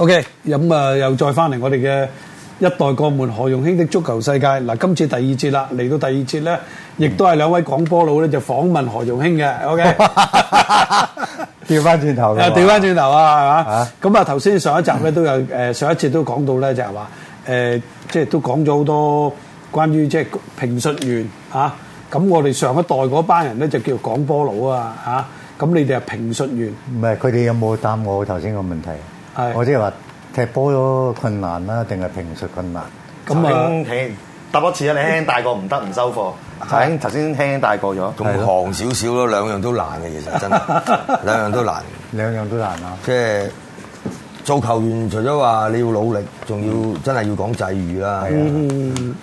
O K，咁啊，又再翻嚟我哋嘅一代鋼門何容興的足球世界。嗱，今次第二節啦，嚟到第二節咧，亦都係兩位講波佬咧就訪問何容興嘅。O K，調翻轉頭啦，調翻轉頭啊，係嘛？咁啊，頭先上一集咧都有誒，上一節都講到咧就係話誒，即係都講咗好多關於即係評述員啊。咁我哋上一代嗰班人咧就叫講波佬啊，嚇。咁你哋係評述員，唔係佢哋有冇答我頭先個問題？我即係話踢波都困難啦，定係評述困難？咁先輕揼多次啦，你輕輕大過唔得，唔收貨。頭先頭先輕輕大過咗，仲狂少少咯，兩樣都難嘅，其實真係兩樣都難。兩樣都難啊！即係做球員，除咗話你要努力，仲要真係要講際遇啦。啊，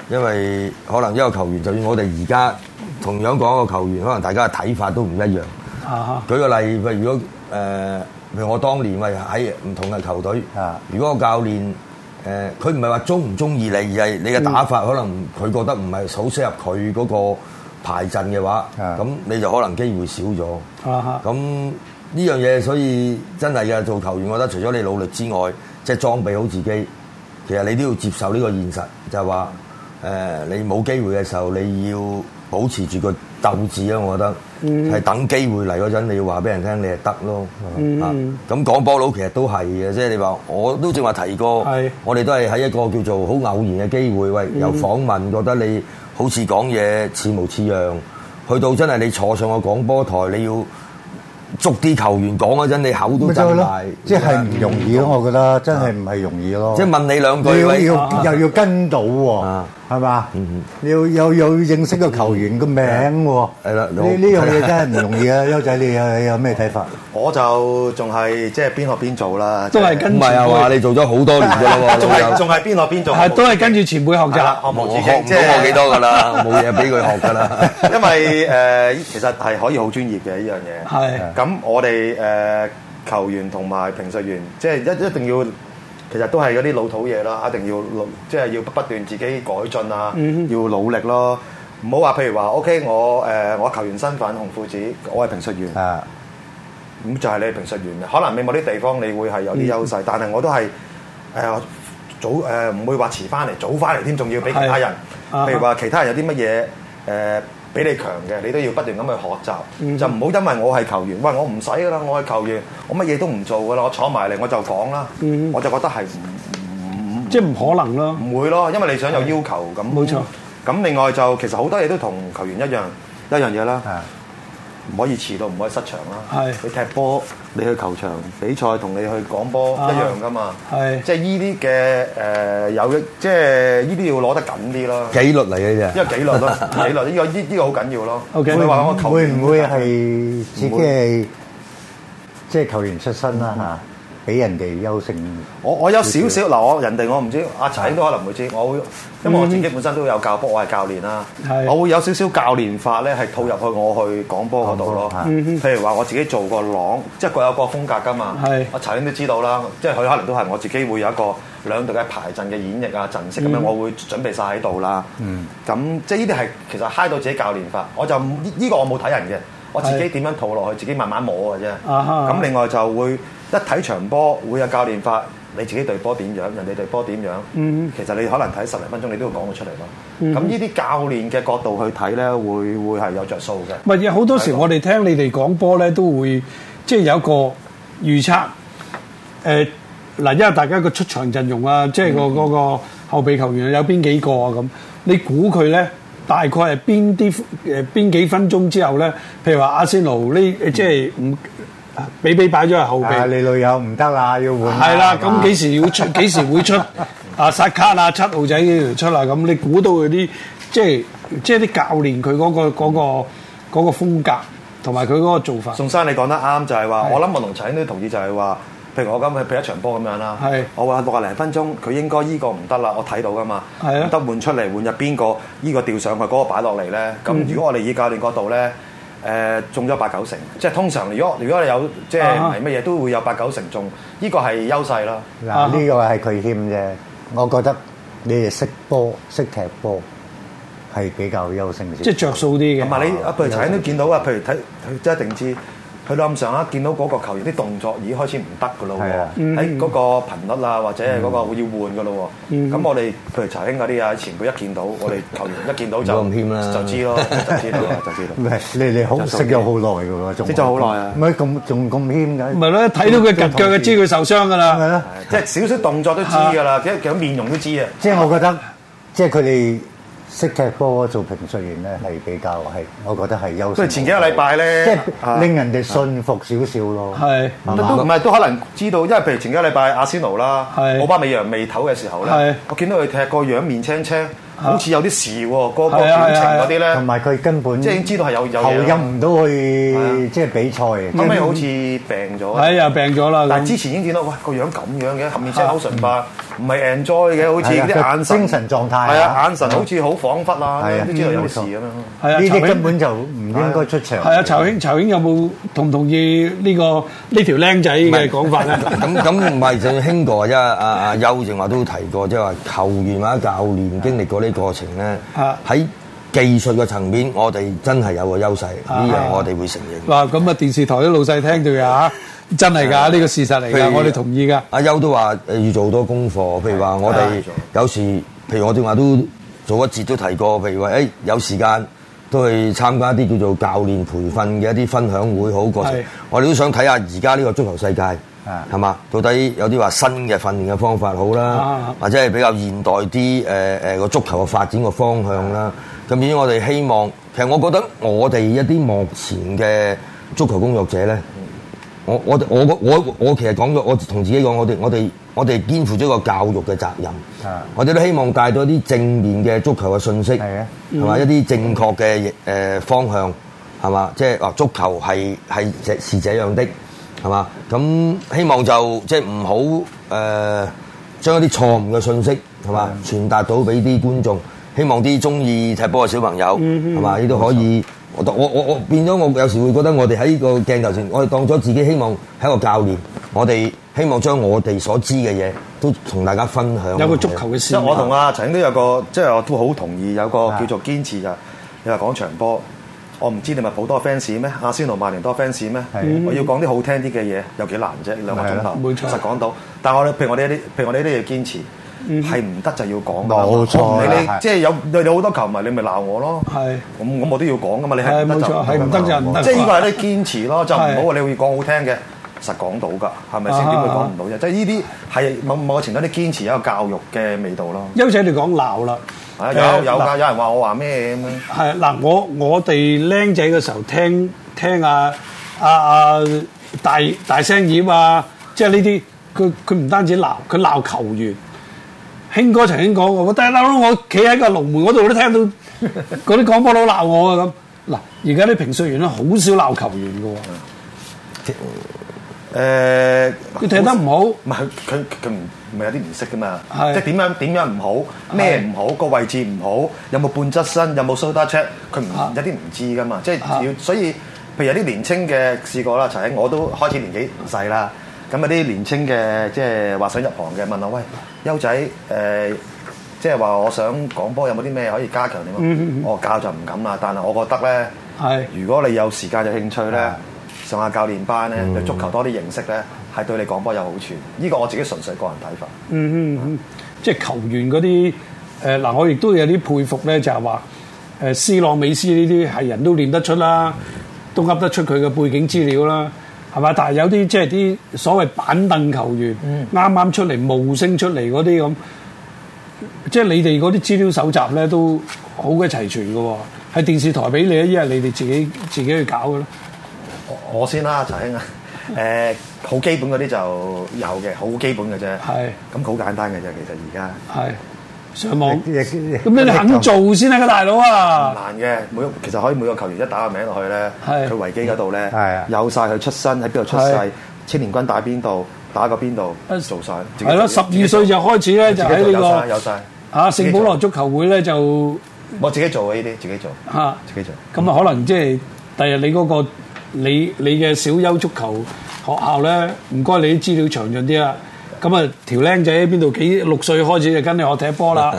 因為可能一個球員，就算我哋而家同樣講一個球員，可能大家嘅睇法都唔一樣。舉個例，喂，如果，誒，譬、呃、如我當年咪喺唔同嘅球隊，的如果個教練誒，佢唔係話中唔中意你，而係你嘅打法、嗯、可能佢覺得唔係好適合佢嗰個排陣嘅話，咁的你就可能機會少咗。咁呢、啊、哈樣嘢，所以真係嘅做球員，我覺得除咗你努力之外，即係裝備好自己，其實你都要接受呢個現實，就係話誒，你冇機會嘅時候，你要保持住個鬥志啊！我覺得。係、嗯、等機會嚟嗰陣，你要話俾人聽，你係得咯。啊、嗯，咁講波佬其實都係嘅，即係你話，我都正話提過，是的我哋都係喺一個叫做好偶然嘅機會。喂，由訪問覺得你好似講嘢似模似樣，去到真係你坐上個廣播台，你要捉啲球員講嗰陣，你口都走埋。即係唔容易咯。嗯、我覺得真係唔係容易咯。即係的問你兩句，又要，喂要又要跟到喎、啊。係嘛？你要有又要認識個球員個名喎。係啦，呢呢樣嘢真係唔容易啊！邱仔，你有有咩睇法？我就仲係即係邊學邊做啦。都係跟唔係啊？話你做咗好多年噶啦。仲係仲係邊學邊做？係都係跟住前輩學習。學無止境，即係冇幾多噶啦？冇嘢俾佢學噶啦。因為誒，其實係可以好專業嘅依樣嘢。係。咁我哋誒球員同埋評述員，即係一一定要。其實都係嗰啲老土嘢咯，一定要老，即係要不斷自己改進啊，要努力咯。唔好話，譬如話，OK，我誒我球員身份紅褲子，我係評述員。啊，咁就係你係評述員啦。可能你某啲地方你會係有啲優勢，但係我都係誒早誒唔會話遲翻嚟，早翻嚟添，仲要畀其他人。譬如話其他人有啲乜嘢誒？比你強嘅，你都要不斷咁去學習，嗯、就唔好因為我係球員，喂，我唔使噶啦，我係球員，我乜嘢都唔做噶啦，我坐埋嚟我就講啦，嗯、我就覺得係，即係唔可能咯，唔會咯，因為你想有要求咁，冇錯。咁另外就其實好多嘢都同球員一樣一樣嘢啦，係。唔可以遲到，唔可以失場啦。是你踢波，你去球場比賽，同你去講波、啊、一樣噶嘛。是即係呢啲嘅誒有即係呢啲要攞得緊啲咯。紀律嚟嘅啫，因為紀律咯， 紀律呢、呢個呢、呢個好緊要咯。Okay, 不會唔會係自己係會即係球員出身啦。嚇！俾人哋優勝，我我有少少嗱，人我人哋我唔知，阿陳英都可能會知道，我會因為我自己本身都有教波，我係教練啦，mm hmm. 我會有少少教練法咧，係套入去我去講波嗰度咯。播是譬如話我自己做個朗，即係各有各風格噶嘛。阿是陳英都知道啦，即係佢可能都係我自己會有一個兩隊嘅排陣嘅演繹啊、陣式咁樣，mm hmm. 我會準備晒喺度啦。咁、mm hmm. 即係呢啲係其實嗨到自己教練法，我就呢、呢個我冇睇人嘅，我自己點樣套落去，自己慢慢摸嘅啫。咁、uh huh. 另外就會。一睇場波會有教練法，你自己隊波點樣，人哋隊波點樣，嗯、哼其實你可能睇十零分鐘，你都會講到出嚟咯。咁呢啲教練嘅角度去睇咧，會會係有着數嘅。唔係，好多時我哋聽你哋講波咧，都會即係、就是、有個預測。誒、呃、嗱，因為大家個出場陣容啊，即、就、係、是那個嗰個、嗯、哼後備球員有邊幾個啊？咁你估佢咧大概係邊啲誒邊幾分鐘之後咧？譬如話阿仙奴呢，即係唔。嗯俾俾擺咗喺後邊、啊，你女友唔得啦，要換。係啦，咁幾時要出？幾時會出？ 啊，殺卡啦！七號仔要出啦！咁你估到佢啲，即係即係啲教練佢嗰個嗰個嗰個風格，同埋佢嗰個做法。宋生，你講得啱，就係話的我諗我同陳英都同意，就係話，譬如我今日俾一場波咁樣啦，的我話六啊零分鐘，佢應該依個唔得啦，我睇到噶嘛，得的換出嚟換入邊個？依個掉上去嗰個擺落嚟咧。咁如果我哋以教練角度咧？嗯誒、呃、中咗八九成，即係通常如果如果你有即係乜嘢，uh huh. 都會有八九成中，呢個係優勢啦。呢、啊 huh. 個係佢欠啫。我覺得你哋識波、識踢波係比較優勝少，即係着數啲嘅。同埋你譬如頭先都見到啊，譬、啊、如睇即係定知。去到咁上下見到嗰個球員啲動作已經開始唔得㗎咯喎，喺嗰個頻率啊或者係嗰個會要換㗎咯喎，咁我哋譬如查兄嗰啲啊，前輩一見到我哋球員一見到就就知咯，就知道就知道。喂，你你好識咗好耐㗎喎，識咗好耐啊。唔係咁仲咁謙㗎。唔係咯，睇到佢腳腳就知佢受傷㗎啦。係咯，即係少少動作都知㗎啦，其實面容都知啊。即係我覺得，即係佢哋。識踢波做評述員咧係比較係、嗯，我覺得係優勢。所以前幾個禮拜咧，即係令人哋信服少少咯。係，都唔係都可能知道，因為譬如前幾個禮拜阿仙奴啦，奧巴美揚未唞嘅時候咧，是我見到佢踢個樣面青青。好似有啲事喎，個個編程啲咧，同埋佢根本即係已經知道係有有嘢，投入唔到去即係比賽，後尾好似病咗。係啊病咗啦！但係之前已經見到，喂個樣咁樣嘅，後面口唇好純白，唔係 enjoy 嘅，好似啲眼神精神狀態，係啊，眼神好似好恍惚啦，都知道有事咁樣，係啊，呢啲根本就唔應該出場，係啊，容興，容興有冇同唔同意呢個呢條僆仔嘅講法咧？咁咁唔係就興哥啫，阿阿邱正話都提過，即係話球員啊教練經歷過呢。啲過程咧，喺技術嘅層面，我哋真係有個優勢，呢樣、啊、我哋會承認。嗱、啊，咁啊電視台啲老細聽住啊，啊，真係㗎，呢、啊、個事實嚟嘅。如我哋同意㗎。阿邱、啊、都話要做好多功課，譬如話我哋有時，譬如我正話都做一節都提過，譬如話，誒、哎、有時間都去參加啲叫做教練培訓嘅一啲分享會好過程，的我哋都想睇下而家呢個足球世界。係嘛？到底有啲話新嘅訓練嘅方法好啦，或者係比較現代啲誒誒個足球嘅發展嘅方向啦。咁至於我哋希望，其實我覺得我哋一啲目前嘅足球工作者咧，我我我我我其實講咗，我同自己講我哋，我哋我哋我哋肩負咗一個教育嘅責任。我哋都希望帶到一啲正面嘅足球嘅信息的、嗯，係啊，係嘛一啲正確嘅誒方向，係嘛，即係話足球係係是，是，是這樣的。係嘛？咁希望就即係唔好誒，將一啲錯誤嘅信息係嘛傳達到俾啲觀眾。希望啲中意踢波嘅小朋友係嘛，亦都、嗯哼這個、可以。錯我我我變咗，我有時會覺得我哋喺呢個鏡頭前，我哋當咗自己，希望係一個教練。我哋希望將我哋所知嘅嘢都同大家分享。有一個足球嘅事，我同阿陳都有個，的即係我都好同意，有個叫做堅持就。你話的講場波。我唔知你咪好多 fans 咩？阿仙奴、曼聯多 fans 咩？我要講啲好聽啲嘅嘢，有幾難啫？兩個鐘頭確實講到。但我哋，譬如我哋啲，譬如我呢啲嘢堅持，係唔得就要講。冇錯，你，的即係有你好多球迷，你咪鬧我咯。係的，咁咁我都要講噶嘛。你係冇錯，係唔得就唔得。即係呢個係啲堅持咯，就唔好話的你會講好聽嘅。實講到㗎，係咪先？點、啊、會講唔到啫？即係呢啲係某某個程度，你堅持有一個教育嘅味道咯。邱仔你講鬧啦，有、呃、有㗎，有人話我話咩咁？係嗱、呃呃，我我哋僆仔嘅時候聽聽，聽啊啊大大聲演啊，即係呢啲佢佢唔單止鬧，佢鬧球員。興哥曾經講過，我真係嬲我企喺個龍門嗰度都聽到嗰啲講波佬鬧我啊咁。嗱，而家啲評述員咧好少鬧球員嘅喎。嗯嗯誒，佢、呃、踢得唔好，唔係佢佢佢唔咪有啲唔識噶嘛，即係點樣點樣唔好，咩唔好，個位置唔好，有冇半側身，有冇 shoulder check 佢唔有啲唔知噶嘛，即係要，所以譬如有啲年青嘅試過啦，陳兄我都開始年紀唔細啦，咁有啲年青嘅即係話想入行嘅問我喂，邱仔誒、呃，即係話我想講波有冇啲咩可以加強點啊？嗯嗯，我教就唔敢啦，但係我覺得咧，是的 如果你有時間有興趣咧。上下教練班咧，對、嗯、足球多啲認識咧，係對你講波有好處嘅。呢、呢個我自己純粹個人睇法。嗯嗯，嗯即係球員嗰啲誒嗱，我亦都有啲佩服咧，就係話誒 C 朗美斯呢啲係人都練得出啦，都噏得出佢嘅背景資料啦，係咪？但係有啲即係啲所謂板凳球員，啱啱、嗯、出嚟冒升出嚟嗰啲咁，即係你哋嗰啲資料搜集咧都好鬼齊全嘅喎，係電視台俾你啊，一係你哋自己自己去搞嘅咯。我先啦，陳兄啊，誒好基本嗰啲就有嘅，好基本嘅啫。係咁好簡單嘅啫，其實而家係上網咁，你肯做先啦，個大佬啊！難嘅，每其實可以每個球員一打個名落去咧，佢維基嗰度咧有晒佢出身喺邊度出世，青年軍打邊度，打過邊度做晒。係咯，十二歲就開始咧，就喺呢個啊聖保羅足球會咧就我自己做啊呢啲，自己做吓，自己做咁啊，可能即係第日你嗰個。你你嘅小優足球學校咧，唔該你啲資料詳盡啲啊！咁啊條僆仔喺邊度？幾六歲開始就跟你學踢波啦。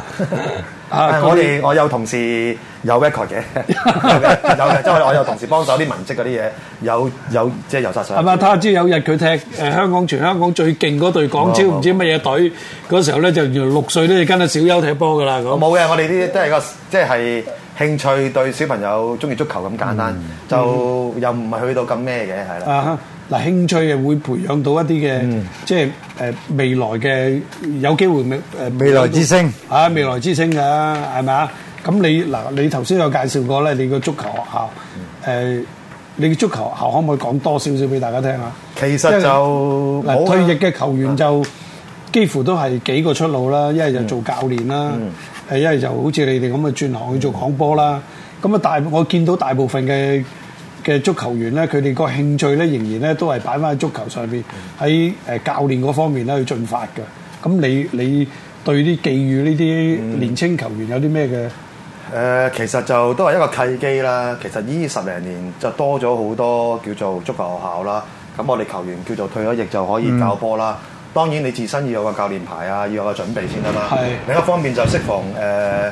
我哋我有同事有 record 嘅，有嘅，即係我有同事幫手啲文職嗰啲嘢，有有即係遊沙水。係咪他知有日佢踢，誒香港全香港最勁嗰隊廣超唔知乜嘢隊嗰時候咧，就六歲咧，就跟阿小優踢波㗎啦咁。冇嘅，我哋啲都係個即係。興趣對小朋友中意足球咁簡單，就又唔係去到咁咩嘅，係啦。啊，嗱，興趣係會培養到一啲嘅，即係誒未來嘅有機會誒未來之星啊，未來之星㗎，係咪啊？咁你嗱，你頭先有介紹過咧，你個足球學校誒，你嘅足球學校可唔可以講多少少俾大家聽啊？其實就退役嘅球員就幾乎都係幾個出路啦，一係就做教練啦。因為一係就好似你哋咁嘅轉行去做廣播啦，咁啊大我見到大部分嘅嘅足球員咧，佢哋個興趣咧仍然咧都係擺翻喺足球上面，喺教練嗰方面咧去進發嘅。咁你你對啲寄語呢啲年輕球員有啲咩嘅？其實就都係一個契機啦。其實呢十零年就多咗好多叫做足球學校啦。咁我哋球員叫做退咗役就可以教波啦。嗯當然，你自身要有個教練牌啊，要有個準備先得啦。另一方面就適逢誒，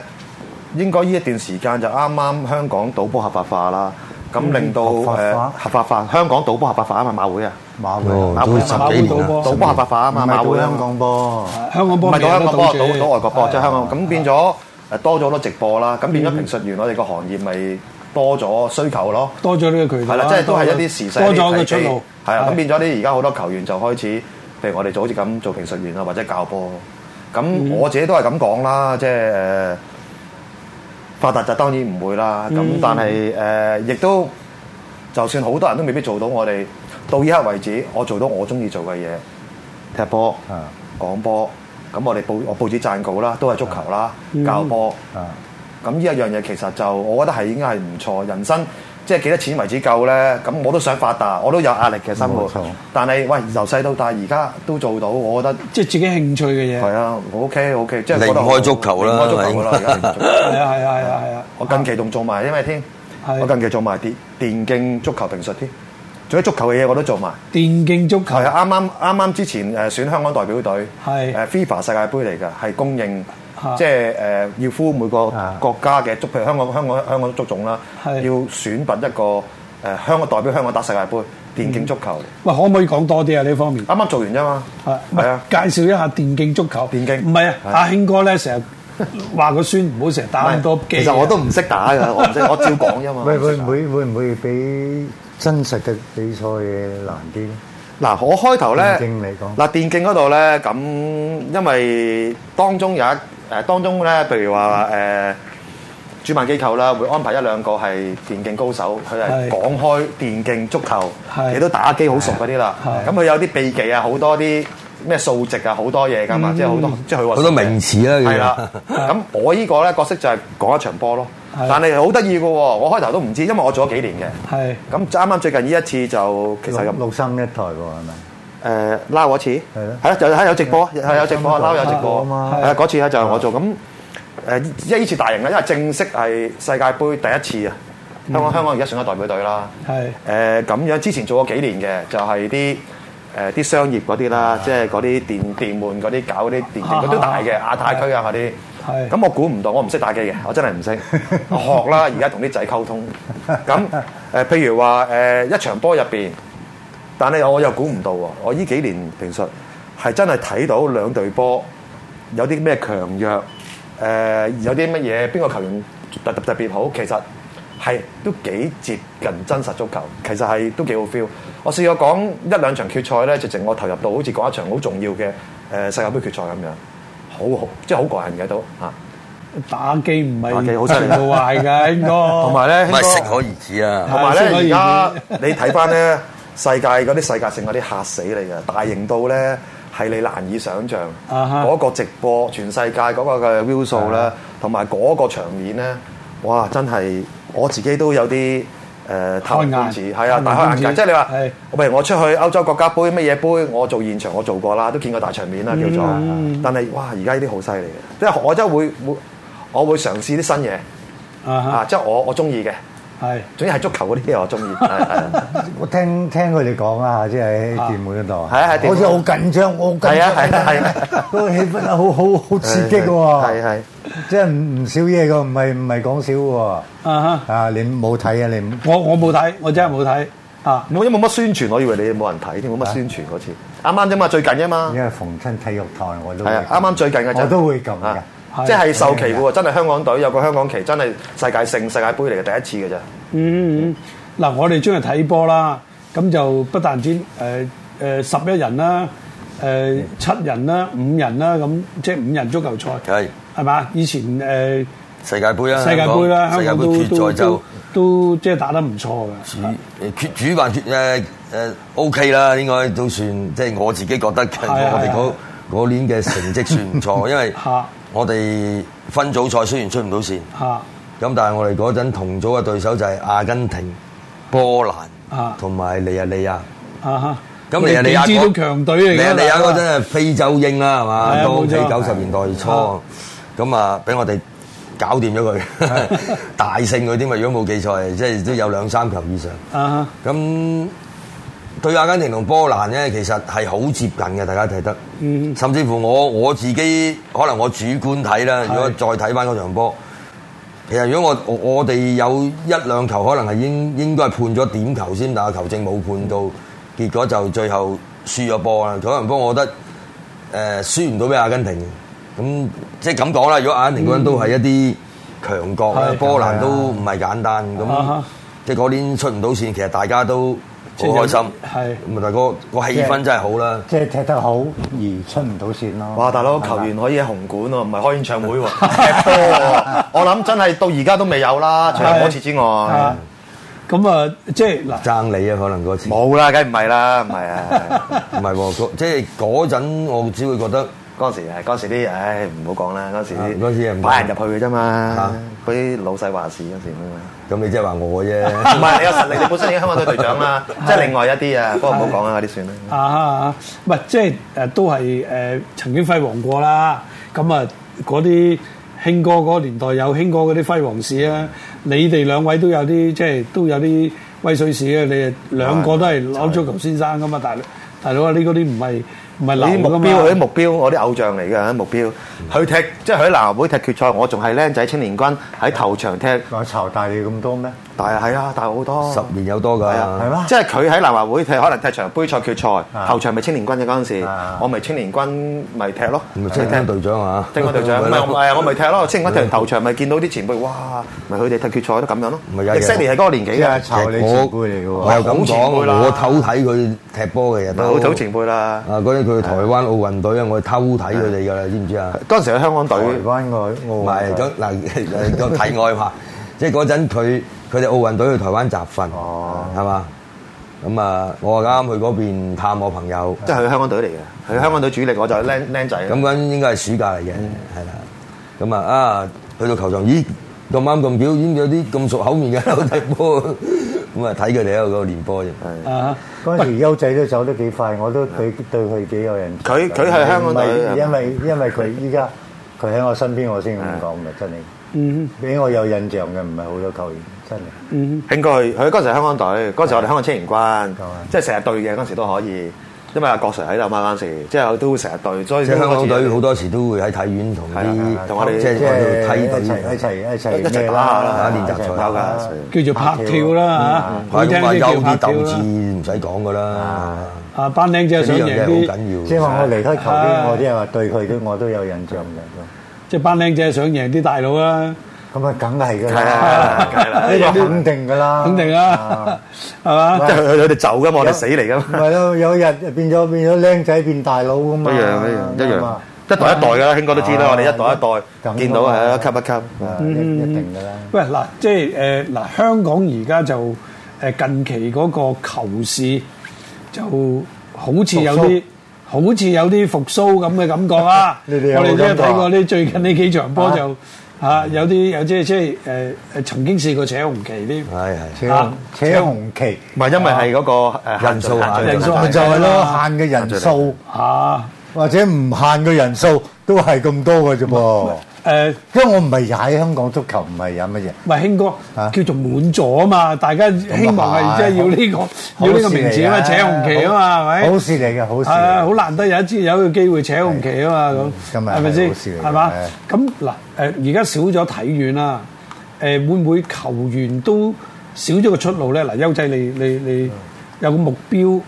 應該呢一段時間就啱啱香港賭波合法化啦，咁令到誒合法化香港賭波合法化啊嘛，馬會啊，馬會馬會十幾年啦，賭波合法化啊嘛，馬會香港波，香港波唔係賭香港波，賭賭外國波，即係香港咁變咗誒多咗好多直播啦，咁變咗評述完我哋個行業咪多咗需求咯，多咗呢個渠道係啦，即係都係一啲時勢嘅趨勢，係啊，咁變咗啲而家好多球員就開始。譬如我哋就好似咁做評述員啊，或者教波，咁我自己都係咁講啦，mm. 即係誒、呃、發達就當然唔會啦，咁、mm. 但係誒、呃、亦都就算好多人都未必做到我哋，我哋到依家為止，我做到我中意做嘅嘢，踢波、uh. 講波，咁我哋報我報紙撰稿啦，都係足球啦、uh. 教波，咁呢一樣嘢其實就我覺得係已經係唔錯人生。即係幾多錢為止夠咧？咁我都想發達，我都有壓力嘅生活。三個球嗯、但係喂，由細到大而家都做到，我覺得。即係自己興趣嘅嘢。係啊，OK OK，即係離唔開足球啦，離唔開足球啦。係啊係啊係啊！啊啊啊我近期仲做埋，因為添，我近期做埋電電競足球評述添，做咗足球嘅嘢我都做埋。電競足球係啱啱啱啱之前誒、呃、選香港代表隊，係誒、啊呃、FIFA 世界盃嚟㗎，係供應。即係誒要呼每個國家嘅足，譬如香港香港香港足總啦，要選拔一個誒香港代表香港打世界盃電競足球。喂，可唔可以講多啲啊？呢方面啱啱做完啫嘛，係啊，介紹一下電競足球。電競唔係啊，阿興哥咧成日話個孫唔好成日打咁多機，其實我都唔識打㗎，我唔識，我照講啫嘛。會唔會會唔會比真實嘅比賽嘢難啲咧？嗱，我開頭咧，電競嚟講嗱，電競嗰度咧咁，因為當中有一。誒當中咧，譬如話誒主辦機構啦，會安排一兩個係電競高手，佢係講開電競足球，亦都打機好熟嗰啲啦。咁佢有啲秘技啊，好多啲咩數值啊，好多嘢噶嘛，即係好多即係佢話好多名詞啦。係啦，咁我依個咧角色就係講一場波咯。但係好得意㗎喎，我開頭都唔知，因為我做咗幾年嘅。係。咁啱啱最近依一次就其實入老生嘅台喎，係咪？誒撈嗰次，係咯，係啦，有有直播，係有直播，撈有直播，係嗰次啊，就係我做咁誒，因為呢次大型啊，因為正式係世界盃第一次啊，香港香港而家上咗代表隊啦，係誒咁樣。之前做過幾年嘅，就係啲誒啲商業嗰啲啦，即係嗰啲電電門嗰啲搞啲電視，嗰啲大嘅亞太區啊嗰啲。係咁，我估唔到，我唔識打機嘅，我真係唔識，學啦。而家同啲仔溝通咁誒，譬如話誒一場波入邊。但係我又估唔到喎！我呢幾年評述係真係睇到兩隊波有啲咩強弱，呃、有啲乜嘢邊個球員特特別好，其實係都幾接近真實足球，其實係都幾好 feel。我試過講一兩場決賽咧，就成我投入到好似嗰一場好重要嘅、呃、世界盃決賽咁樣，好好即係好過癮嘅都、啊、打機唔係打機好衰好壞嘅 應該，同埋咧，唔係適可而止啊呢！同埋咧，而家你睇翻咧。世界嗰啲世界性嗰啲嚇死你嘅，大型到咧係你難以想像，嗰、uh huh. 個直播全世界嗰個嘅 view 數咧，同埋嗰個場面咧，哇！真係我自己都有啲誒太唔見係啊，大開眼界。子即係你話，譬是如我出去歐洲國家杯乜嘢杯，我做現場我做過啦，都見過大場面啦叫做。Uh huh. 但係哇，而家呢啲好犀利嘅，即係我真係會會，我會嘗試啲新嘢、uh huh. 啊，即係我我中意嘅。係，總之係足球嗰啲嘢我中意。我聽聽佢哋講啊，即係店會嗰度。好似好緊張，我好緊張。係啊，係啊，係啊，嗰個氣氛好好好刺激喎。係係，即係唔少嘢嘅，唔係唔係講笑嘅喎。啊你冇睇啊？你我我冇睇，我真係冇睇啊！冇，因為冇乜宣傳，我以為你冇人睇添，冇乜宣傳嗰次。啱啱啫嘛，最近啫嘛。因為逢親體育台，我都係啱啱最近嘅，我都會咁嘅。即係受旗噶，的的真係香港隊有個香港旗，真係世界性世界杯嚟嘅第一次嘅啫、嗯。嗯，嗱、嗯啊，我哋中意睇波啦，咁就不但止誒誒十一人啦，誒、呃、七人啦，五人啦，咁、呃、即係五人足球賽係係嘛？以前誒、呃、世界杯啦、啊啊，世界杯啦、啊，世界杯決賽就都即係打得唔錯嘅，主誒，決主辦決誒誒、啊啊、，OK 啦，應該都算即係、就是、我自己覺得的的我哋嗰的年嘅成績算唔錯， 因為吓。我哋分組賽雖然出唔到線，咁、啊、但係我哋嗰陣同組嘅對手就係阿根廷、波蘭同埋尼日利亞。咁尼日利亞強隊，尼日利亞嗰陣係非洲鷹啦，係嘛、啊？都喺九十年代初，咁啊俾我哋搞掂咗佢，啊、哈 大勝佢啲咪，如果冇記錯，即係都有兩三球以上。咁、啊哈對阿根廷同波蘭咧，其實係好接近嘅，大家睇得。嗯、甚至乎我我自己可能我主觀睇啦，如果再睇翻嗰場波，是的 其實如果我我哋有一兩球可能係應應該判咗點球先，但係球證冇判到，結果就最後輸咗波啦！嗰場波我覺得誒、呃、輸唔到俾阿根廷。咁即係咁講啦，如果阿根廷嗰陣都係一啲強國咧，嗯嗯、波蘭都唔係簡單。咁即係嗰年出唔到線，其實大家都。好開心，係大哥？個氣氛真係好啦。即係踢得好而出唔到線咯。哇！大佬球員可以喺紅館喎，唔係開演唱會喎，踢波。我諗真係到而家都未有啦，除咗嗰次之外。咁啊，即係嗱，爭你啊，可能嗰次。冇啦，梗唔係啦，唔係啊，唔係喎。即係嗰陣我只會覺得嗰時係嗰時啲，唉，唔好講啦。嗰時啲，嗰次係派人入去嘅啫嘛，嗰啲老細話事嗰時咁你即係話我啫， 唔係你有實力，你本身已經香港隊隊長啦，即係 另外一啲啊，不過唔好講啊，嗰啲算啦。啊，唔、啊、係即係都係曾經輝煌過啦。咁、嗯、啊，嗰啲興哥嗰個年代有興哥嗰啲輝煌史啊，嗯、你哋兩位都有啲即係都有啲威水史啊。你哋兩個都係攞足球先生噶嘛，大大佬啊，呢嗰啲唔係。但但唔係啲目標，佢啲目標，我啲偶像嚟嘅，目標。去踢，即係佢啲籃球會踢決賽，我仲係靚仔青年軍，喺頭場踢。我籌大你咁多咩？大啊，係啊，大好多。十年有多㗎，即係佢喺南華會踢，可能踢場杯賽決賽，後場咪青年軍嘅嗰陣時，我咪青年軍咪踢咯。咪青年隊長啊，青年隊長，唔係我咪踢咯，青年軍踢完頭場咪見到啲前輩，哇！咪佢哋踢決賽都咁樣咯。唔係係嗰個年紀嘅，我係咁講，我偷睇佢踢波嘅日。偷睇前輩啦。啊，嗰陣佢台灣奧運隊啊，我偷睇佢哋㗎啦，知唔知啊？嗰陣時喺香港隊。台灣隊。唔係，嗱，講體外嘛，即係嗰陣佢。佢哋奧運隊去台灣集訓，係嘛？咁啊，我啱啱去嗰邊探我朋友，即係香港隊嚟嘅，係香港隊主力，我就僆僆仔。咁緊應該係暑假嚟嘅，係啦。咁啊，啊，去到球場，咦，咁啱咁表演，有啲咁熟口面嘅投踢波。咁啊，睇佢哋喺度練波啫。啊，嗰陣時邱仔都走得幾快，我都對對佢幾有印象。佢佢係香港隊，因為因為佢依家佢喺我身邊，我先咁講嘅，真係。嗯，俾我有印象嘅唔係好多球員，真嘅。嗯，應該佢佢嗰陣時香港隊，嗰時我哋香港青年軍，即係成日對嘅嗰陣時都可以。因為阿郭 Sir 喺度掹緊時，即係都成日對，所以香港隊好多時都會喺體院同啲同我哋即係喺度梯一齊一齊一齊一齊打打練習賽下噶。叫做拍跳啦嚇，聽話優異鬥志唔使講噶啦。啊，班靚子上贏啲，即係我離開球隊，我即又話對佢啲，我都有印象嘅。即係班僆仔想贏啲大佬啦，咁啊，梗係噶啦，呢個肯定噶啦，肯定啦係嘛？即係佢哋走噶嘛，我哋死嚟噶嘛！係咯，有一日變咗變咗僆仔變大佬咁嘛，一樣一樣一樣，一代一代噶啦，興哥都知啦，我哋一代一代見到係一級一級，一定噶啦。喂，嗱，即係嗱，香港而家就近期嗰個球市就好似有啲。好似有啲復甦咁嘅感覺啊！我哋都睇過呢，最近呢幾場波就嚇有啲有即係即係誒誒曾經試過扯紅旗添，係係扯、啊、扯紅旗，唔係因為係嗰個人數啊，人數就係咯限嘅人數嚇，或者唔限嘅人數都係咁多嘅啫噃。誒，因為我唔係踩香港足球，唔係有乜嘢。唔係，興哥叫做滿座啊嘛！大家希望係即係要呢個，要呢個名字，啊嘛，扯紅旗啊嘛，係咪？好事嚟嘅好事。係啊，好難得有一支有一個機會扯紅旗啊嘛，咁係咪先？係嘛？咁嗱誒，而家少咗睇遠啦。誒會唔會球員都少咗個出路咧？嗱，邱仔，你你你有個目標，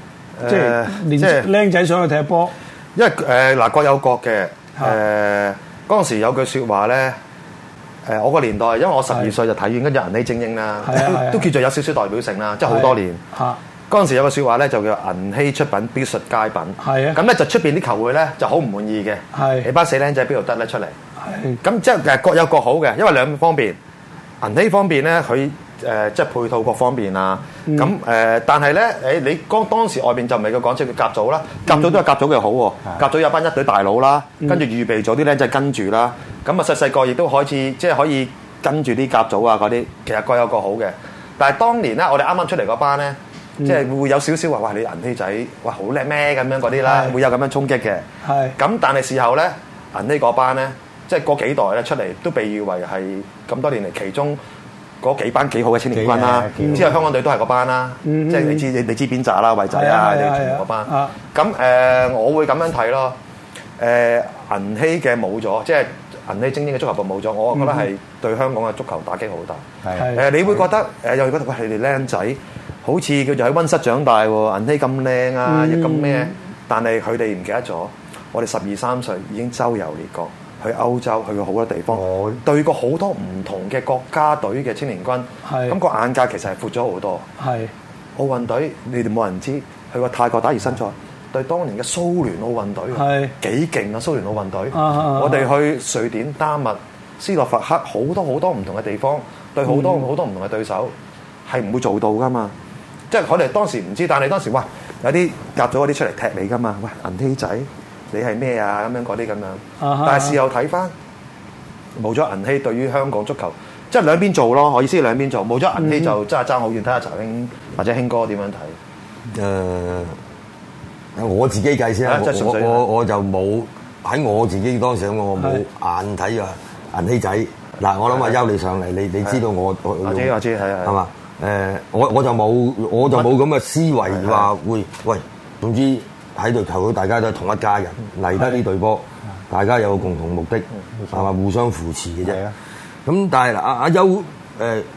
即係即係僆仔想去踢波。因為誒嗱，各有各嘅誒。嗰陣時有句説話咧，誒、呃、我個年代，因為我十二歲的就睇完跟住《銀禧精英》啦的，都都叫做有少少代表性啦，是的即係好多年。嗰陣的時有個説話咧，就叫銀禧出品必屬佳品。係啊的，咁咧就出邊啲球會咧就好唔滿意嘅，的你班死靚仔邊度得咧出嚟？咁的即係誒各有各好嘅，因為兩方面銀禧方面咧佢。誒、呃，即係配套各方面啊，咁、嗯呃、但係咧，你剛當時外面就唔係佢講即係佢甲組啦，甲組都係甲組嘅好喎、啊，甲、嗯、組有一班一隊大佬啦，嗯、跟住預備咗啲咧就是、跟住啦，咁啊細細個亦都可以即係可以跟住啲甲組啊嗰啲，其實各有各好嘅。但係當年咧，我哋啱啱出嚟嗰班咧，嗯、即係會有少少話哇，你銀禧仔哇好叻咩咁樣嗰啲啦，是會有咁樣衝擊嘅。係咁是，但係事後咧，銀禧嗰班咧，即係過幾代咧出嚟都被譽為係咁多年嚟其中。嗰幾班幾好嘅青年軍啦，然之後香港隊都係個班啦，即係你知你你知邊扎啦，偉仔啊，都係個班。咁誒，我會咁樣睇咯。誒，銀禧嘅冇咗，即係銀禧精英嘅足球部冇咗，我覺得係對香港嘅足球打擊好大。誒，你會覺得誒，有啲同學係你靚仔，好似叫做喺溫室長大喎，銀禧咁靚啊，咁咩？但係佢哋唔記得咗，我哋十二三歲已經周遊列國。去歐洲，去過好多地方，哦、對過好多唔同嘅國家隊嘅青年軍，咁是個眼界其實係闊咗好多。是奧運隊你哋冇人知，去過泰國打熱身賽，對當年嘅蘇聯奧運隊幾勁啊！蘇聯奧運隊，啊啊、我哋去瑞典、丹麥、斯洛伐克好多好多唔同嘅地方，對好多好多唔同嘅對手，係唔、嗯、會做到噶嘛。即係、嗯、我哋當時唔知，但你當時哇有啲夾咗嗰啲出嚟踢你噶嘛，喂銀梯仔。你係咩啊？咁樣嗰啲咁樣，uh huh. 但係事後睇翻冇咗銀禧，對於香港足球即係兩邊做咯。我意思兩邊做冇咗銀禧就爭啊爭好遠。睇下陳兄或者興哥點樣睇？誒，uh, 我自己計先、uh huh.，我我我就冇喺我自己當時我冇，我冇眼睇啊銀禧仔。嗱，我諗啊，邀、uh huh. 你上嚟，你你知道我我知我知係啊，係嘛誒，我就冇我就冇我就冇咁嘅思維話、uh huh. 會喂，總之。喺度求到大家都係同一家人嚟、嗯、得呢隊波，嗯、大家有個共同目的，係嘛、嗯、互相扶持嘅啫。咁、嗯、但係阿阿邱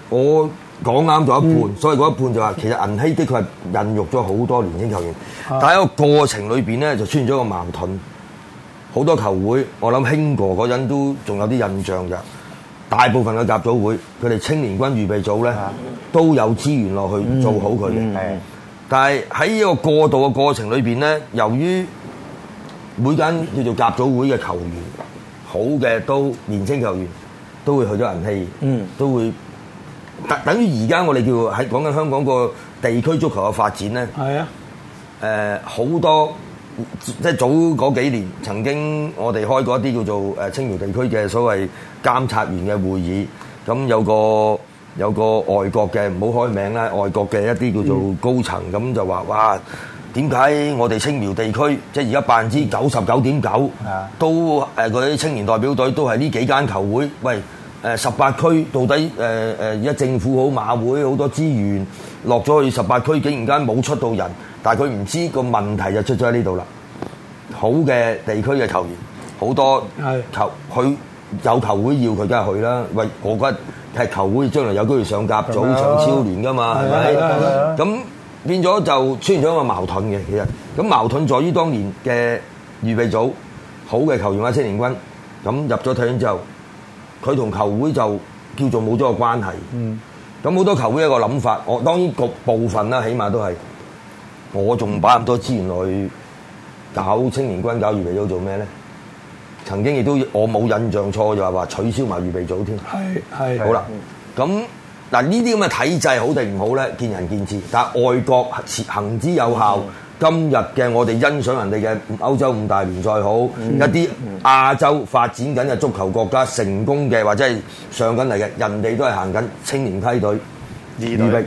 我講啱咗一半，嗯、所以嗰一半就話其實銀禧的確係孕育咗好多年輕球員，嗯、但喺個過程裏面咧就出現咗個矛盾。好多球會，我諗興哥嗰陣都仲有啲印象㗎。大部分嘅甲組會，佢哋青年軍預備組咧都有資源落去做好佢嘅。嗯嗯但係喺呢個過渡嘅過程裏面，咧，由於每間叫做甲組會嘅球員，好嘅都年青球員都會去咗人氣，嗯，都會，等等於而家我哋叫喺講緊香港個地區足球嘅發展咧，係啊是的、呃，好多即係早嗰幾年曾經我哋開過一啲叫做青苗地區嘅所謂監察員嘅會議，咁有個。有個外國嘅唔好開名啦，外國嘅一啲叫做高層咁、嗯、就話，哇，點解我哋青苗地區即係而家百分之九十九點九都誒嗰啲青年代表隊都係呢幾間球會？喂，誒十八區到底誒誒而家政府好馬會好多資源落咗去十八區，竟然間冇出到人，但係佢唔知個問題就出咗喺呢度啦。好嘅地區嘅球員好多球，球佢是的 有球會要佢梗係去啦。喂，我覺得。係球會將來有機會上甲組上超聯噶嘛？係咪？咁變咗就出現咗一個矛盾嘅。其實咁矛盾在於當年嘅預備組好嘅球員阿青年軍，咁入咗體院之後，佢同球會就叫做冇咗個關係。咁好、嗯、多球會有一個諗法，我當然各部分啦，起碼都係我仲擺咁多資源去搞青年軍，搞預備組做咩咧？曾經亦都我冇印象錯就話取消埋預備組添，係係好啦了。咁嗱呢啲咁嘅體制好定唔好呢？見仁見智。但係外國行之有效，嗯、今日嘅我哋欣賞人哋嘅歐洲五大聯賽好，嗯、一啲亞洲發展緊嘅足球國家成功嘅或者係上緊嚟嘅，人哋都係行緊青年梯隊。二二隊，係咯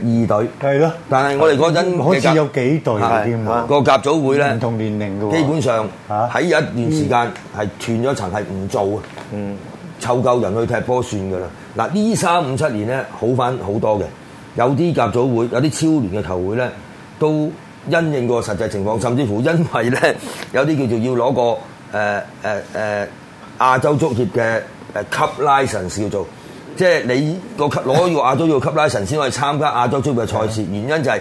隊。是的但係我哋嗰陣好似有幾隊嚟添啊！個甲組會咧唔同年齡嘅基本上喺、啊、一段時間係、嗯、斷咗層，係唔做啊。嗯，湊夠人去踢波算㗎啦。嗱，呢三五七年咧好返好多嘅，有啲甲組會，有啲超聯嘅球會咧，都因應個實際情況，甚至乎因為咧有啲叫做要攞個誒誒誒亞洲足協嘅誒級 license 少做。即係你個攞亞洲要 qualification 先可以參加亞洲足協嘅賽事，原因就係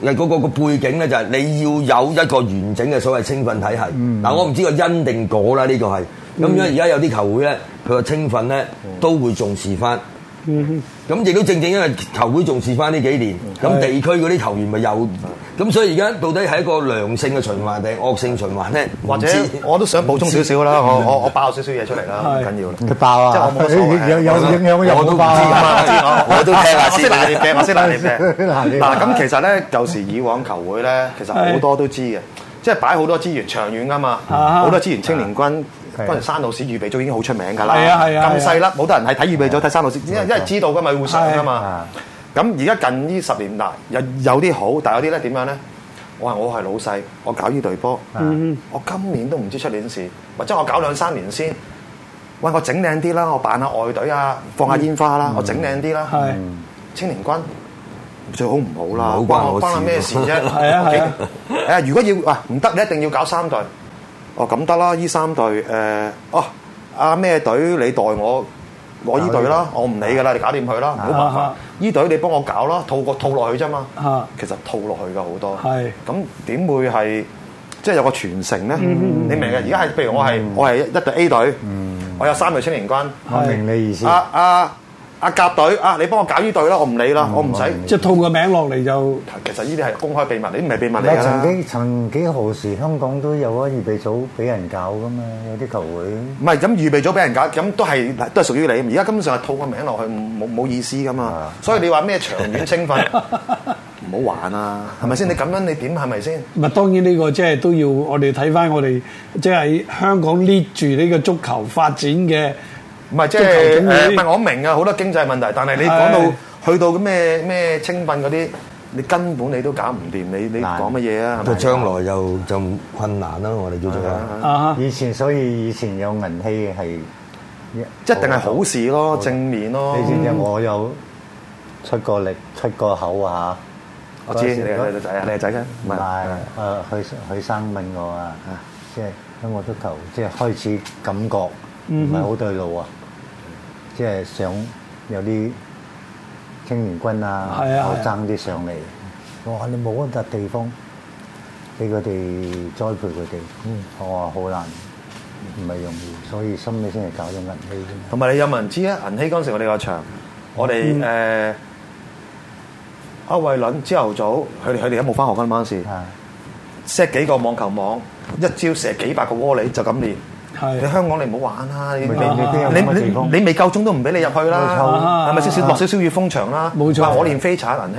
你嗰個背景咧就係你要有一個完整嘅所謂青訓體系。嗱，我唔知個因定果啦，呢個係咁。因為而家有啲球會咧，佢個青訓咧都會重視翻。嗯哼，咁亦都正正因為球會重視翻呢幾年，咁地區嗰啲球員咪又，咁所以而家到底係一個良性嘅循環定惡性循環咧？或者我都想補充少少啦，我我我爆少少嘢出嚟啦，唔是緊要啦，爆啊、欸！有有有影響嘅、嗯，我都爆，我都聽下先，我識拿捏嘅，我識拿捏嘅。嗱咁其實咧，舊時以往球會咧，其實好多都知嘅，是即係擺好多資源，長遠啊嘛，好、啊、多資源青年軍。嗰陣山老師預備組已經好出名㗎啦，咁細粒冇得人係睇預備組，睇山老師，因為因為知道㗎嘛，會識㗎嘛。咁而家近呢十年嗱，有有啲好，但係有啲咧點樣咧？我話我係老細，我搞呢隊波，我今年都唔知出年事，或者我搞兩三年先，喂我整靚啲啦，我扮下外隊啊，放下煙花啦，我整靚啲啦，青年軍最好唔好啦，關關下咩事啫？係啊，誒如果要，喂唔得，你一定要搞三隊。哦，咁得啦，呢三隊誒哦，阿咩隊你代我我呢隊啦，我唔理噶啦，你搞掂佢啦，冇辦法，呢隊你幫我搞啦，套個套落去啫嘛，其實套落去嘅好多，咁點會係即係有個傳承咧？你明嘅？而家係譬如我係我係一隊 A 隊，我有三隊青年軍，我明你意思。阿甲隊啊，你幫我搞呢隊啦，我唔理啦，我唔使即係套個名落嚟就。其實呢啲係公開秘密，呢啲唔係秘密嚟噶啦。曾幾曾幾何時，香港都有啊預備組俾人搞噶嘛，有啲球會。唔係咁預備組俾人搞，咁都係都係屬於你。而家根本上係套個名落去，冇冇意思噶嘛。所以你話咩長遠青訓，唔好玩啊，係咪先？你咁樣你點係咪先？唔係當然呢個即係都要我哋睇翻我哋即係香港 lead 住呢個足球發展嘅。唔係即係唔係我明啊，好多經濟問題。但係你講到去到咩咩青訓嗰啲，你根本你都搞唔掂。你你講乜嘢啊？佢將來又就困難啦。我哋叫做啊。以前所以以前有銀器係一定係好事咯，正面咯。你知唔知我有出過力出過口啊？我知。你個仔啊？你個仔嘅。唔係。誒，許許生問我啊，即係喺我足球即係開始感覺。唔係好對路啊！即係想有啲青年軍啊，爭啲上嚟。我話你冇嗰笪地方俾佢哋栽培佢哋，我話好難，唔係容易。所以心裏先係搞咗銀禧。同埋你有冇人知啊？銀禧嗰時我哋個場，我哋誒阿衛倫朝頭早，佢哋佢哋都冇翻學嗰陣時，set 幾個網球網，一朝射幾百個窩利就咁練。你香港你唔好玩啦！你未夠鐘都唔俾你入去啦！係咪少少落少少雨風場啦？冇錯，我練飛鏟銀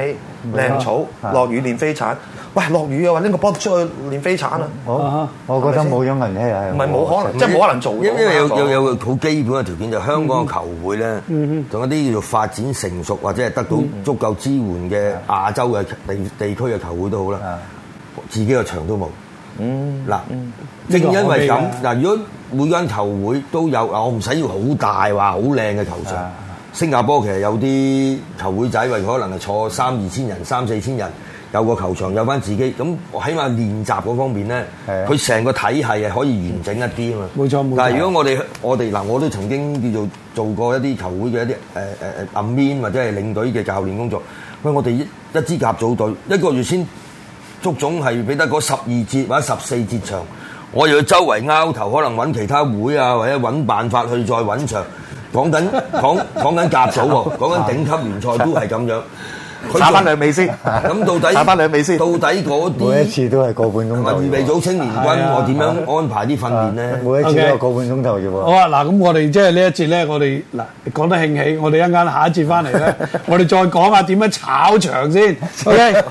禧靚草，落雨練飛鏟。喂，落雨啊！話拎個波出去練飛鏟啊！我覺得冇咗銀禧係。唔係冇可能，即係冇可能做嘅。因為有有有個好基本嘅條件，就香港嘅球會咧，仲有啲叫做發展成熟或者係得到足夠支援嘅亞洲嘅地地區嘅球會都好啦，自己個場都冇。嗯，嗱，正因為咁嗱，如果每間球會都有嗱，我唔使要好大話好靚嘅球場。新加坡其實有啲球會仔，為可能係坐三二千人、三四千人，有個球場，有翻自己咁，起碼練習嗰方面咧，佢成個體系係可以完整一啲啊嘛。冇錯，冇錯。但係如果我哋我哋嗱，我都曾經叫做做過一啲球會嘅一啲誒誒誒暗面或者係領隊嘅教練工作。喂，我哋一支甲組隊一個月先足總係俾得嗰十二節或者十四節場。我要去周圍拗頭，可能揾其他會啊，或者揾辦法去再揾場。講緊講講緊甲組喎，講緊頂級聯賽都係咁樣。打翻兩味先，咁到底打翻兩味先？到底嗰啲每一次都係個半鐘頭。預備組青年軍我點樣安排啲訓練咧？每一次都個半鐘頭啫喎。好啊，嗱，咁我哋即係呢一節咧，我哋嗱講得興起，我哋一間下一節翻嚟咧，我哋再講下點樣炒場先。OK？